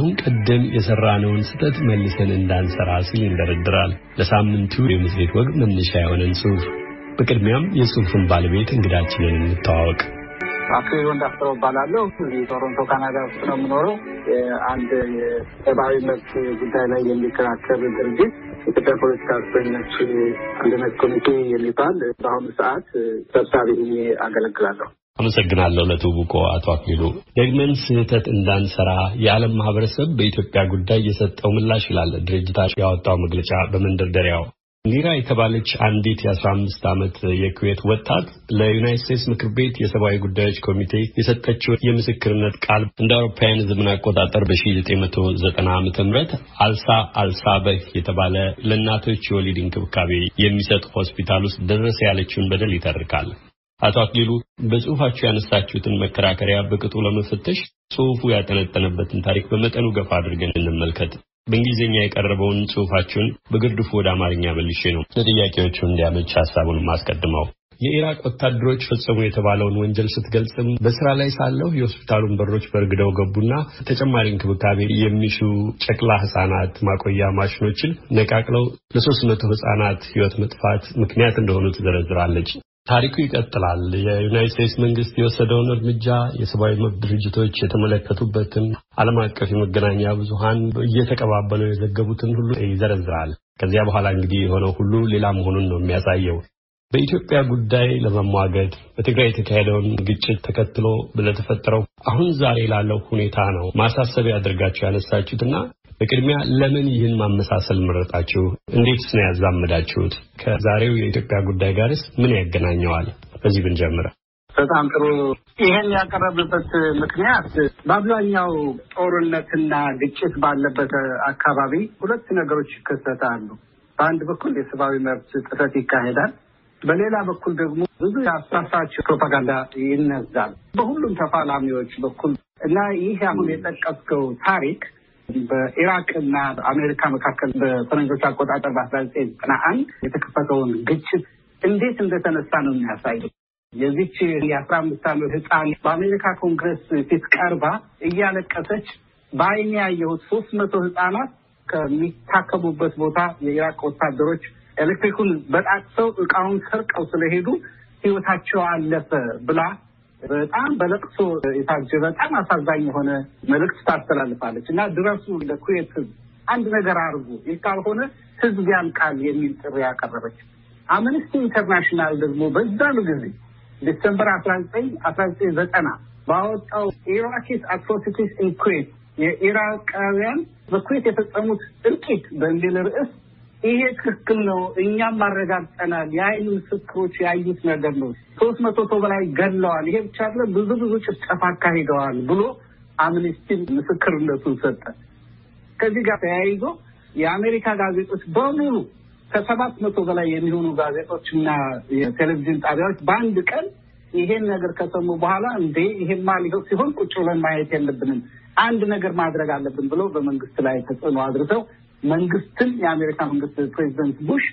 ከአሁን ቀደም የሰራነውን ስህተት መልሰን እንዳንሰራ ሲል ይንደረድራል ለሳምንቱ የመጽሔት ወግ መነሻ የሆነን ጽሑፍ። በቅድሚያም የጽሑፉን ባለቤት እንግዳችንን እንተዋወቅ። አክሬሎ እንዳፍረው እባላለሁ። ቶሮንቶ ካናዳ ውስጥ ነው የምኖረው። አንድ የሰብአዊ መብት ጉዳይ ላይ የሚከራከር ድርጅት ኢትዮጵያ ፖለቲካ እስረኞች አንድነት ኮሚቴ የሚባል በአሁኑ ሰዓት ሰብሳቢ አገለግላለሁ። አመሰግናለሁ ለትውውቆ አቶ አክሊሉ። ደግመን ስህተት እንዳንሰራ የዓለም ማህበረሰብ በኢትዮጵያ ጉዳይ የሰጠው ምላሽ ይላል ድርጅታቸው ያወጣው መግለጫ በመንደርደሪያው። ኒራ የተባለች አንዲት የ15 ዓመት የኩዌት ወጣት ለዩናይት ስቴትስ ምክር ቤት የሰብአዊ ጉዳዮች ኮሚቴ የሰጠችው የምስክርነት ቃል እንደ አውሮፓውያን ዘመን አቆጣጠር በ1990 ዓ ም አልሳ አልሳበህ የተባለ ለእናቶች የወሊድ እንክብካቤ የሚሰጥ ሆስፒታል ውስጥ ደረሰ ያለችውን በደል ይተርካል። አቶ አክሊሉ በጽሁፋችሁ ያነሳችሁትን መከራከሪያ በቅጡ ለመፈተሽ ጽሁፉ ያጠነጠነበትን ታሪክ በመጠኑ ገፋ አድርገን እንመልከት። በእንግሊዝኛ የቀረበውን ጽሁፋችሁን በግርድፉ ወደ አማርኛ መልሼ ነው ለጥያቄዎቹ እንዲያመች ሀሳቡን ማስቀድመው። የኢራቅ ወታደሮች ፈጸሙ የተባለውን ወንጀል ስትገልጽም በስራ ላይ ሳለሁ የሆስፒታሉን በሮች በርግደው ገቡና ተጨማሪ እንክብካቤ የሚሹ ጨቅላ ህጻናት ማቆያ ማሽኖችን ነቃቅለው ለሶስት መቶ ህጻናት ህይወት መጥፋት ምክንያት እንደሆኑ ትዘረዝራለች። ታሪኩ ይቀጥላል። የዩናይት ስቴትስ መንግስት የወሰደውን እርምጃ የሰብአዊ መብት ድርጅቶች የተመለከቱበትን፣ ዓለም አቀፍ የመገናኛ ብዙሀን እየተቀባበሉ የዘገቡትን ሁሉ ይዘረዝራል። ከዚያ በኋላ እንግዲህ የሆነው ሁሉ ሌላ መሆኑን ነው የሚያሳየው። በኢትዮጵያ ጉዳይ ለመሟገድ በትግራይ የተካሄደውን ግጭት ተከትሎ ለተፈጠረው አሁን ዛሬ ላለው ሁኔታ ነው ማሳሰቢያ አድርጋቸው ያነሳችሁትና በቅድሚያ ለምን ይህን ማመሳሰል መረጣችሁ? እንዴትስ ነው ያዛመዳችሁት? ከዛሬው የኢትዮጵያ ጉዳይ ጋርስ ምን ያገናኘዋል? በዚህ ብንጀምረ በጣም ጥሩ። ይሄን ያቀረብበት ምክንያት በአብዛኛው ጦርነትና ግጭት ባለበት አካባቢ ሁለት ነገሮች ይከሰታሉ። በአንድ በኩል የሰብአዊ መብት ጥሰት ይካሄዳል። በሌላ በኩል ደግሞ ብዙ የአሳሳች ፕሮፓጋንዳ ይነዛል በሁሉም ተፋላሚዎች በኩል እና ይህ አሁን የጠቀስከው ታሪክ በኢራቅና በአሜሪካ መካከል በፈረንጆች አቆጣጠር በአስራ ዘጠኝ ዘጠና አንድ የተከፈተውን ግጭት እንዴት እንደተነሳ ነው የሚያሳየው። የዚች የአስራ አምስት ዓመት ህፃን በአሜሪካ ኮንግረስ ፊት ቀርባ እያለቀሰች በአይን ያየሁት ሶስት መቶ ህፃናት ከሚታከሙበት ቦታ የኢራቅ ወታደሮች ኤሌክትሪኩን በጣት ሰው እቃውን ሰርቀው ስለሄዱ ህይወታቸው አለፈ ብላ በጣም በለቅሶ የታጀ በጣም አሳዛኝ የሆነ መልእክት ታስተላልፋለች እና ድረሱ ለኩዌት ህዝብ አንድ ነገር አድርጉ፣ ይህ ካልሆነ ህዝብ ያልቃል የሚል ጥሪ ያቀረበች። አምነስቲ ኢንተርናሽናል ደግሞ በዛኑ ጊዜ ዲሰምበር አስራ ዘጠኝ አስራ ዘጠኝ ዘጠና ባወጣው ኢራኪስ አትሮሲቲስ ኢን ኩዌት የኢራቃውያን በኩዌት የፈጸሙት እልቂት በሚል ርዕስ ይሄ ትክክል ነው፣ እኛም አረጋግጠናል የአይን ምስክሮች ያዩት ነገር ነው። ሶስት መቶ ሰው በላይ ገድለዋል፣ ይሄ ብቻ አይደለም ብዙ ብዙ ጭፍጨፋ አካሂደዋል ብሎ አምነስቲ ምስክርነቱን ሰጠ። ከዚህ ጋር ተያይዞ የአሜሪካ ጋዜጦች በሙሉ ከሰባት መቶ በላይ የሚሆኑ ጋዜጦች እና የቴሌቪዥን ጣቢያዎች በአንድ ቀን ይሄን ነገር ከሰሙ በኋላ እንዴ ይሄማ ሊሆን ሲሆን ቁጭ ብለን ማየት የለብንም አንድ ነገር ማድረግ አለብን ብሎ በመንግስት ላይ ተጽዕኖ አድርሰው መንግስትም የአሜሪካ መንግስት ፕሬዚደንት ቡሽ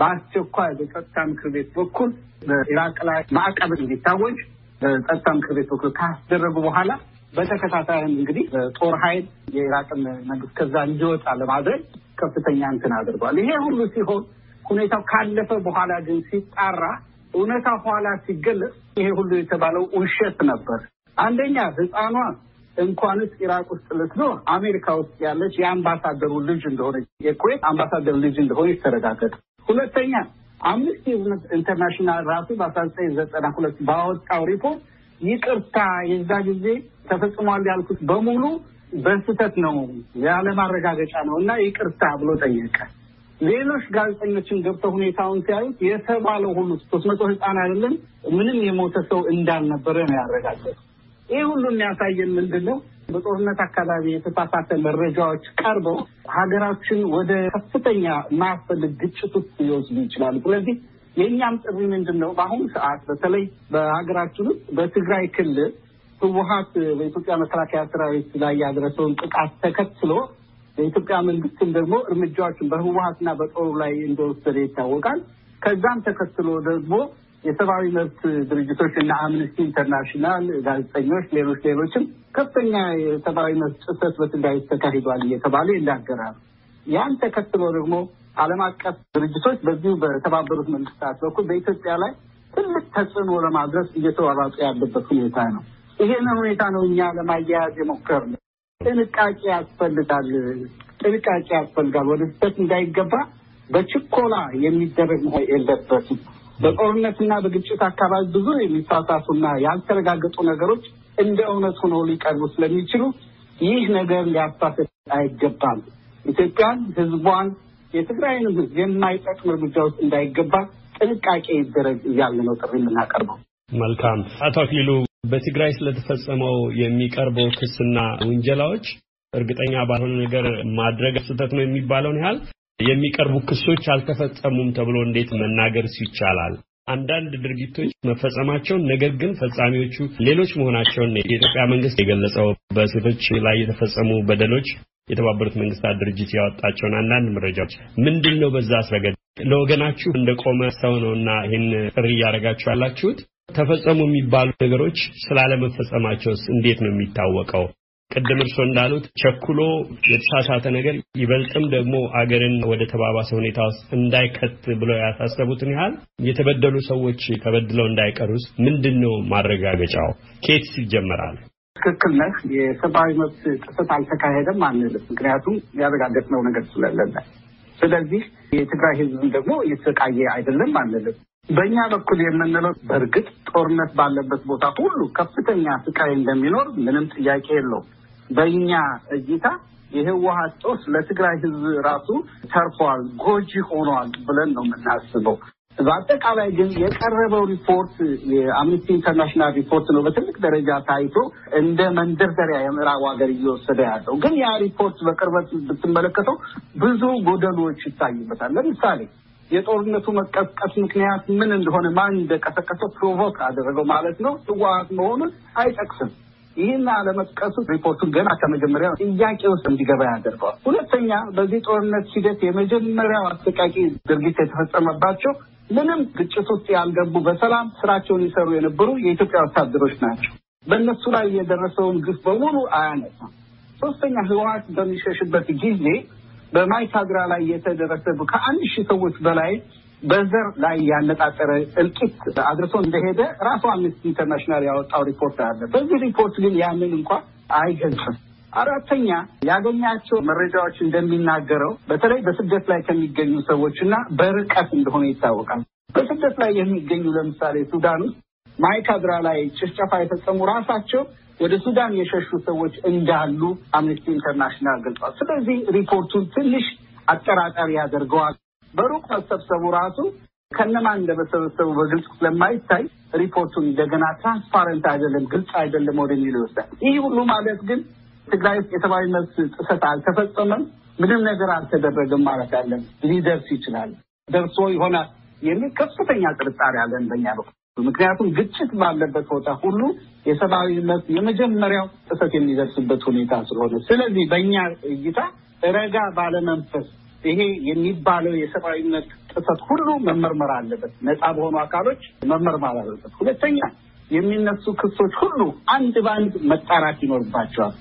በአስቸኳይ በጸጥታ ምክር ቤት በኩል በኢራቅ ላይ ማዕቀብ እንዲታወጅ በጸጥታ ምክር ቤት በኩል ካስደረጉ በኋላ በተከታታይም እንግዲህ ጦር ኃይል የኢራቅን መንግስት ከዛ እንዲወጣ ለማድረግ ከፍተኛ እንትን አድርገዋል። ይሄ ሁሉ ሲሆን ሁኔታው ካለፈ በኋላ ግን ሲጣራ እውነታ ኋላ ሲገለጽ ይሄ ሁሉ የተባለው ውሸት ነበር። አንደኛ ህፃኗ እንኳንስ ኢራቅ ውስጥ ልትኖር አሜሪካ ውስጥ ያለች የአምባሳደሩ ልጅ እንደሆነ የኩዌት አምባሳደር ልጅ እንደሆነ ይተረጋገጥ። ሁለተኛ አምነስቲ ኢንተርናሽናል ራሱ በአስራ ዘጠኝ ዘጠና ሁለት ባወጣው ሪፖርት ይቅርታ የዛ ጊዜ ተፈጽሟል ያልኩት በሙሉ በስህተት ነው ያለማረጋገጫ ነው እና ይቅርታ ብሎ ጠየቀ። ሌሎች ጋዜጠኞችን ገብተው ሁኔታውን ሲያዩት የተባለው ሁሉ ሶስት መቶ ህፃን አይደለም ምንም የሞተ ሰው እንዳልነበረ ነው ያረጋገጡ። ይህ ሁሉ የሚያሳየን ምንድን ነው? በጦርነት አካባቢ የተሳሳተ መረጃዎች ቀርበው ሀገራችን ወደ ከፍተኛ ማያስፈልግ ግጭት ውስጥ ሊወስዱ ይችላሉ። ስለዚህ የእኛም ጥሪ ምንድን ነው? በአሁኑ ሰዓት በተለይ በሀገራችን ውስጥ በትግራይ ክልል ህወሀት በኢትዮጵያ መከላከያ ሰራዊት ላይ ያደረሰውን ጥቃት ተከትሎ የኢትዮጵያ መንግስትም ደግሞ እርምጃዎችን በህወሀትና በጦሩ ላይ እንደወሰደ ይታወቃል። ከዛም ተከትሎ ደግሞ የሰብአዊ መብት ድርጅቶች እና አምነስቲ ኢንተርናሽናል፣ ጋዜጠኞች፣ ሌሎች ሌሎችም ከፍተኛ የሰብአዊ መብት ጥሰት በትግራይ ተካሂዷል እየተባሉ ይናገራሉ። ያን ተከትሎ ደግሞ ዓለም አቀፍ ድርጅቶች በዚሁ በተባበሩት መንግስታት በኩል በኢትዮጵያ ላይ ትልቅ ተጽዕኖ ለማድረስ እየተሯሯጡ ያለበት ሁኔታ ነው። ይሄንን ሁኔታ ነው እኛ ለማያያዝ የሞከርነው። ጥንቃቄ ያስፈልጋል፣ ጥንቃቄ ያስፈልጋል። ወደ ስህተት እንዳይገባ በችኮላ የሚደረግ መሆን የለበትም። በጦርነትና በግጭት አካባቢ ብዙ የሚሳሳቱና ያልተረጋገጡ ነገሮች እንደ እውነት ሆነው ሊቀርቡ ስለሚችሉ ይህ ነገር ሊያሳሰት አይገባም። ኢትዮጵያን፣ ህዝቧን፣ የትግራይንም ህዝብ የማይጠቅም እርምጃ ውስጥ እንዳይገባ ጥንቃቄ ይደረግ እያለ ነው ጥሪ የምናቀርበው። መልካም። አቶ አክሊሉ በትግራይ ስለተፈጸመው የሚቀርበው ክስና ውንጀላዎች እርግጠኛ ባልሆነ ነገር ማድረግ ስህተት ነው የሚባለውን ያህል የሚቀርቡ ክሶች አልተፈጸሙም ተብሎ እንዴት መናገር ይቻላል? አንዳንድ ድርጊቶች መፈጸማቸውን ነገር ግን ፈጻሚዎቹ ሌሎች መሆናቸውን የኢትዮጵያ መንግስት የገለጸው በሴቶች ላይ የተፈጸሙ በደሎች የተባበሩት መንግስታት ድርጅት ያወጣቸውን አንዳንድ መረጃዎች ምንድን ነው? በዛ አስረገድ ለወገናችሁ እንደቆመ ሰው እና ይህን ጥሪ እያደረጋችሁ ያላችሁት ተፈጸሙ የሚባሉ ነገሮች ስላለመፈጸማቸውስ እንዴት ነው የሚታወቀው? ቅድም እርስዎ እንዳሉት ቸኩሎ የተሳሳተ ነገር ይበልጥም ደግሞ አገርን ወደ ተባባሰ ሁኔታ ውስጥ እንዳይከት ብለው ያሳሰቡትን ያህል የተበደሉ ሰዎች ተበድለው እንዳይቀሩስ ምንድን ነው ማረጋገጫው? ኬትስ ይጀመራል? ትክክል ነህ። የሰብአዊ መብት ጥሰት አልተካሄደም አንልም፣ ምክንያቱም ያረጋገጥነው ነገር ስለሌለ። ስለዚህ የትግራይ ሕዝብም ደግሞ እየተሰቃየ አይደለም አንልም። በእኛ በኩል የምንለው በእርግጥ ጦርነት ባለበት ቦታ ሁሉ ከፍተኛ ስቃይ እንደሚኖር ምንም ጥያቄ የለውም። በእኛ እይታ የህወሀት ጦስ ለትግራይ ህዝብ ራሱ ተርፏል፣ ጎጂ ሆኗል ብለን ነው የምናስበው። በአጠቃላይ ግን የቀረበው ሪፖርት የአምነስቲ ኢንተርናሽናል ሪፖርት ነው በትልቅ ደረጃ ታይቶ እንደ መንደርደሪያ የምዕራቡ ሀገር እየወሰደ ያለው ግን ያ ሪፖርት በቅርበት ብትመለከተው ብዙ ጎደሎች ይታይበታል። ለምሳሌ የጦርነቱ መቀስቀስ ምክንያት ምን እንደሆነ ማን እንደቀሰቀሰው ፕሮቮክ አደረገው ማለት ነው ህወሀት መሆኑን አይጠቅስም። ይህን አለመጥቀሱ ሪፖርቱን ገና ከመጀመሪያ ጥያቄ ውስጥ እንዲገባ ያደርገዋል። ሁለተኛ በዚህ ጦርነት ሂደት የመጀመሪያው አሰቃቂ ድርጊት የተፈጸመባቸው ምንም ግጭት ውስጥ ያልገቡ በሰላም ስራቸውን ይሰሩ የነበሩ የኢትዮጵያ ወታደሮች ናቸው። በእነሱ ላይ የደረሰውን ግፍ በሙሉ አያነሳም። ሶስተኛ ህወሀት በሚሸሽበት ጊዜ በማይካድራ ላይ የተደረሰ ከአንድ ሺህ ሰዎች በላይ በዘር ላይ ያነጣጠረ እልቂት አድርሶ እንደሄደ ራሱ አምነስቲ ኢንተርናሽናል ያወጣው ሪፖርት አለ። በዚህ ሪፖርት ግን ያንን እንኳን አይገልጽም። አራተኛ ያገኛቸው መረጃዎች እንደሚናገረው በተለይ በስደት ላይ ከሚገኙ ሰዎችና በርቀት እንደሆነ ይታወቃል። በስደት ላይ የሚገኙ ለምሳሌ ሱዳን ውስጥ ማይካድራ ላይ ጭፍጨፋ የፈጸሙ ራሳቸው ወደ ሱዳን የሸሹ ሰዎች እንዳሉ አምነስቲ ኢንተርናሽናል ገልጿል። ስለዚህ ሪፖርቱን ትንሽ አጠራጣሪ ያደርገዋል። በሩቅ መሰብሰቡ ራሱ ከነማን እንደመሰበሰቡ በግልጽ ስለማይታይ ሪፖርቱን እንደገና ትራንስፓረንት አይደለም፣ ግልጽ አይደለም ወደሚል ይወስዳል። ይህ ሁሉ ማለት ግን ትግራይ ውስጥ የሰብአዊ መብት ጥሰት አልተፈጸመም፣ ምንም ነገር አልተደረገም ማለት አለን። ሊደርስ ይችላል ደርሶ ይሆናል የሚል ከፍተኛ ጥርጣሬ አለን በኛ በኩል። ምክንያቱም ግጭት ባለበት ቦታ ሁሉ የሰብአዊ መብት የመጀመሪያው ጥሰት የሚደርስበት ሁኔታ ስለሆነ፣ ስለዚህ በእኛ እይታ ረጋ ባለመንፈስ ይሄ የሚባለው የሰብአዊነት ጥሰት ሁሉ መመርመር አለበት፣ ነፃ በሆኑ አካሎች መመርመር አለበት። ሁለተኛ የሚነሱ ክሶች ሁሉ አንድ በአንድ መጣራት ይኖርባቸዋል።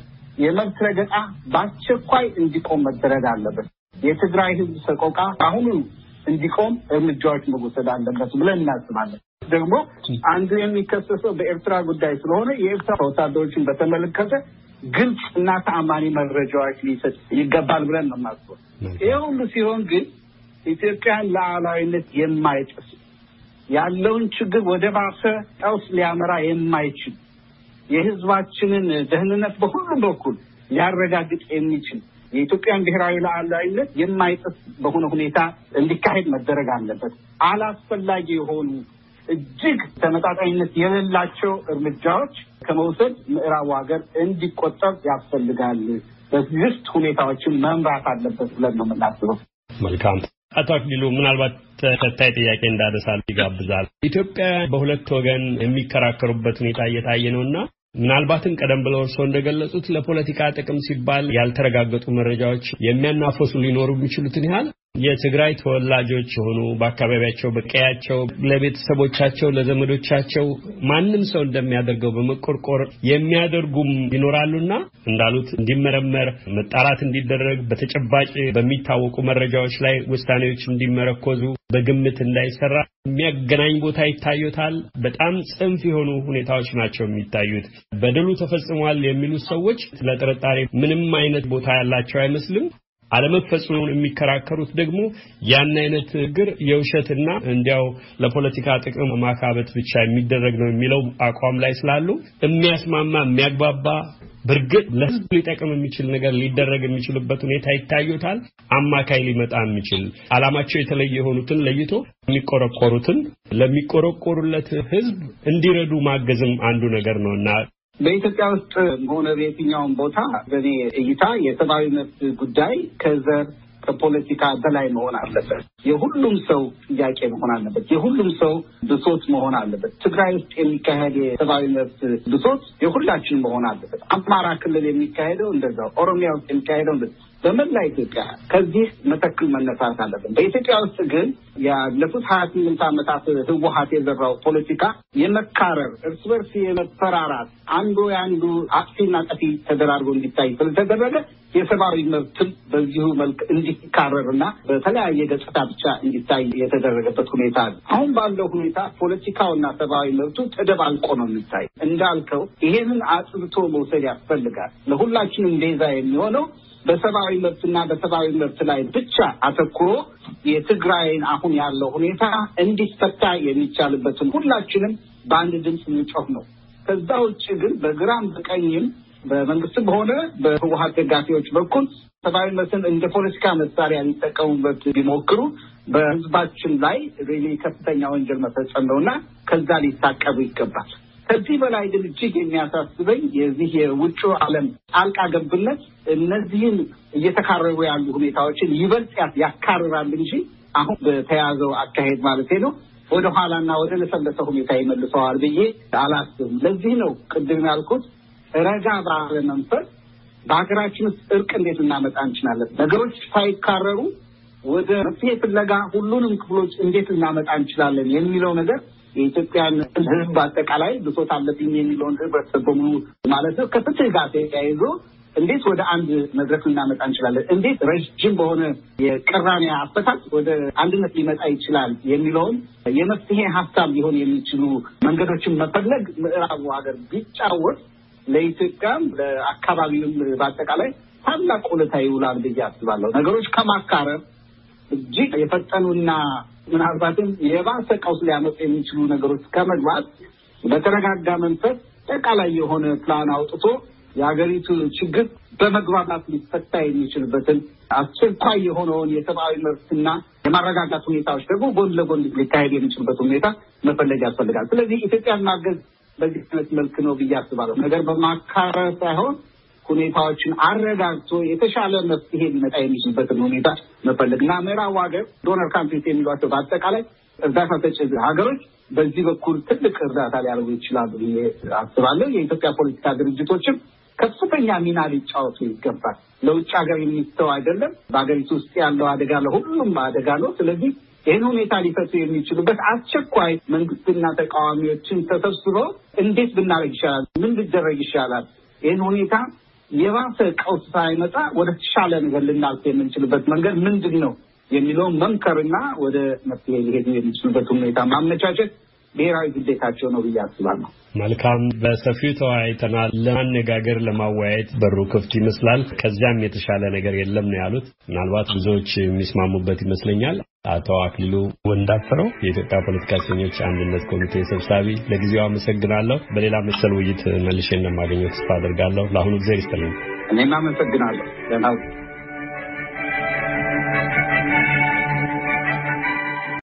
የመብት ረገጣ በአስቸኳይ እንዲቆም መደረግ አለበት። የትግራይ ህዝብ ሰቆቃ አሁኑ እንዲቆም እርምጃዎች መወሰድ አለበት ብለን እናስባለን። ደግሞ አንዱ የሚከሰሰው በኤርትራ ጉዳይ ስለሆነ የኤርትራ ወታደሮችን በተመለከተ ግልጽ እና ተአማኒ መረጃዎች ሊሰጥ ይገባል ብለን ነው የማስበው። ይህ ሁሉ ሲሆን ግን ኢትዮጵያን ለአላዊነት የማይጥስ ያለውን ችግር ወደ ባሰ ቀውስ ሊያመራ የማይችል የሕዝባችንን ደህንነት በሁሉም በኩል ሊያረጋግጥ የሚችል የኢትዮጵያን ብሔራዊ ሉዓላዊነት የማይጥስ በሆነ ሁኔታ እንዲካሄድ መደረግ አለበት። አላስፈላጊ የሆኑ እጅግ ተመጣጣኝነት የሌላቸው እርምጃዎች ከመውሰድ ምዕራቡ ሀገር እንዲቆጠብ ያስፈልጋል። በስድስት ሁኔታዎችን መምራት አለበት ብለን ነው የምናስበው። መልካም አቶ አክሊሉ ምናልባት ተከታይ ጥያቄ እንዳነሳል ይጋብዛል። ኢትዮጵያ በሁለት ወገን የሚከራከሩበት ሁኔታ እየታየ እና ምናልባትም ቀደም ብለው እርስዎ እንደገለጹት ለፖለቲካ ጥቅም ሲባል ያልተረጋገጡ መረጃዎች የሚያናፈሱ ሊኖሩ የሚችሉትን ያህል የትግራይ ተወላጆች የሆኑ በአካባቢያቸው በቀያቸው ለቤተሰቦቻቸው ለዘመዶቻቸው ማንም ሰው እንደሚያደርገው በመቆርቆር የሚያደርጉም ይኖራሉና እንዳሉት እንዲመረመር መጣራት እንዲደረግ በተጨባጭ በሚታወቁ መረጃዎች ላይ ውሳኔዎች እንዲመረኮዙ በግምት እንዳይሰራ የሚያገናኝ ቦታ ይታዩታል። በጣም ጽንፍ የሆኑ ሁኔታዎች ናቸው የሚታዩት። በደሉ ተፈጽሟል የሚሉት ሰዎች ለጥርጣሬ ምንም አይነት ቦታ ያላቸው አይመስልም። አለመፈጸሙን የሚከራከሩት ደግሞ ያን አይነት ግር የውሸትና እንዲያው ለፖለቲካ ጥቅም ማካበት ብቻ የሚደረግ ነው የሚለው አቋም ላይ ስላሉ የሚያስማማ የሚያግባባ በእርግጥ ለህዝብ ሊጠቅም የሚችል ነገር ሊደረግ የሚችልበት ሁኔታ ይታዩታል። አማካይ ሊመጣ የሚችል አላማቸው የተለየ የሆኑትን ለይቶ የሚቆረቆሩትን ለሚቆረቆሩለት ህዝብ እንዲረዱ ማገዝም አንዱ ነገር ነው እና በኢትዮጵያ ውስጥ ሆነ በየትኛውም ቦታ በእኔ እይታ የሰብአዊ መብት ጉዳይ ከዘር ከፖለቲካ በላይ መሆን አለበት። የሁሉም ሰው ጥያቄ መሆን አለበት። የሁሉም ሰው ብሶት መሆን አለበት። ትግራይ ውስጥ የሚካሄድ የሰብአዊ መብት ብሶት የሁላችን መሆን አለበት። አማራ ክልል የሚካሄደው እንደዛው፣ ኦሮሚያ ውስጥ የሚካሄደው እንደዛው በመላ ኢትዮጵያ ከዚህ መተክል መነሳት አለብን። በኢትዮጵያ ውስጥ ግን ያለፉት ሀያ ስምንት ዓመታት ህወሀት የዘራው ፖለቲካ የመካረር እርስ በርስ የመፈራራት አንዱ የአንዱ አጥፊና ጠፊ ተደራርጎ እንዲታይ ስለተደረገ የሰብአዊ መብትም በዚሁ መልክ እንዲካረርና በተለያየ ገጽታ ብቻ እንዲታይ የተደረገበት ሁኔታ አለ። አሁን ባለው ሁኔታ ፖለቲካውና ሰብአዊ መብቱ ተደባልቆ ነው የሚታይ። እንዳልከው ይሄንን አጥብቶ መውሰድ ያስፈልጋል። ለሁላችንም ቤዛ የሚሆነው በሰብአዊ መብትና በሰብአዊ መብት ላይ ብቻ አተኩሮ የትግራይን አሁን ያለው ሁኔታ እንዲፈታ የሚቻልበትን ሁላችንም በአንድ ድምፅ ምንጮህ ነው። ከዛ ውጭ ግን በግራም በቀኝም በመንግስትም ሆነ በህወሀት ደጋፊዎች በኩል ሰብአዊ እንደ ፖለቲካ መሳሪያ ሊጠቀሙበት ቢሞክሩ በህዝባችን ላይ ከፍተኛ ወንጀል መፈጸም ነው እና ከዛ ሊታቀቡ ይገባል። ከዚህ በላይ ግን እጅግ የሚያሳስበኝ የዚህ የውጭ ዓለም ጣልቃ ገብነት እነዚህን እየተካረሩ ያሉ ሁኔታዎችን ይበልጥ ያካርራል እንጂ አሁን በተያዘው አካሄድ ማለት ነው ወደ ኋላና ወደ ለሰለሰ ሁኔታ ይመልሰዋል ብዬ አላስብም። ለዚህ ነው ቅድም ያልኩት ረጋ ባለ መንፈስ በሀገራችን ውስጥ እርቅ እንዴት እናመጣ እንችላለን፣ ነገሮች ሳይካረሩ ወደ መፍትሄ ፍለጋ ሁሉንም ክፍሎች እንዴት እናመጣ እንችላለን የሚለው ነገር የኢትዮጵያን ሕዝብ አጠቃላይ ብሶት አለብኝ የሚለውን ህብረተሰብ በሙሉ ማለት ነው ከፍትህ ጋር ተያይዞ እንዴት ወደ አንድ መድረክ ልናመጣ እንችላለን? እንዴት ረዥም በሆነ የቅራኔ አፈታት ወደ አንድነት ሊመጣ ይችላል የሚለውን የመፍትሄ ሀሳብ ሊሆን የሚችሉ መንገዶችን መፈለግ ምዕራቡ ሀገር ቢጫወት ለኢትዮጵያም ለአካባቢውም በአጠቃላይ ታላቅ ውለታ ይውላል ብዬ አስባለሁ። ነገሮች ከማካረብ እጅግ የፈጠኑና ምናልባትም የባሰ ቀውስ ሊያመጡ የሚችሉ ነገሮች ከመግባት በተረጋጋ መንፈስ ጠቃላይ የሆነ ፕላን አውጥቶ የሀገሪቱ ችግር በመግባባት ሊፈታ የሚችልበትን አስቸኳይ የሆነውን የሰብአዊ መብትና የማረጋጋት ሁኔታዎች ደግሞ ጎን ለጎን ሊካሄድ የሚችልበት ሁኔታ መፈለግ ያስፈልጋል። ስለዚህ ኢትዮጵያን ማገዝ በዚህ መልክ ነው ብዬ አስባለሁ። ነገር በማካረር ሳይሆን ሁኔታዎችን አረጋግቶ የተሻለ መፍትሄ ሊመጣ የሚችልበትን ሁኔታ መፈለግ እና ምዕራቡ ሀገር ዶነር ካንትሪስ የሚሏቸው በአጠቃላይ እርዳታ ሰጭ ሀገሮች በዚህ በኩል ትልቅ እርዳታ ሊያደርጉ ይችላሉ ብዬ አስባለሁ። የኢትዮጵያ ፖለቲካ ድርጅቶችም ከፍተኛ ሚና ሊጫወቱ ይገባል። ለውጭ ሀገር የሚተው አይደለም። በሀገሪቱ ውስጥ ያለው አደጋ ለሁሉም አደጋ ነው። ስለዚህ ይህን ሁኔታ ሊፈቱ የሚችሉበት አስቸኳይ መንግስትና ተቃዋሚዎችን ተሰብስበው እንዴት ብናደረግ ይሻላል፣ ምን ሊደረግ ይሻላል፣ ይህን ሁኔታ የባሰ ቀውስ ሳይመጣ ወደ ተሻለ ነገር ልናልፍ የምንችልበት መንገድ ምንድን ነው የሚለውን መምከርና ወደ መፍትሄ ሊሄዱ የሚችሉበት ሁኔታ ማመቻቸት ብሔራዊ ግዴታቸው ነው ብዬ አስባለሁ። መልካም፣ በሰፊው ተወያይተናል። ለማነጋገር ለማወያየት በሩ ክፍት ይመስላል። ከዚያም የተሻለ ነገር የለም ነው ያሉት። ምናልባት ብዙዎች የሚስማሙበት ይመስለኛል። አቶ አክሊሉ ወንዳፈረው የኢትዮጵያ ፖለቲካ እስረኞች አንድነት ኮሚቴ ሰብሳቢ፣ ለጊዜው አመሰግናለሁ። በሌላ መሰል ውይይት መልሼ እንደማገኘው ተስፋ አድርጋለሁ። ለአሁኑ ጊዜ ይስጥልኝ። እኔም አመሰግናለሁ።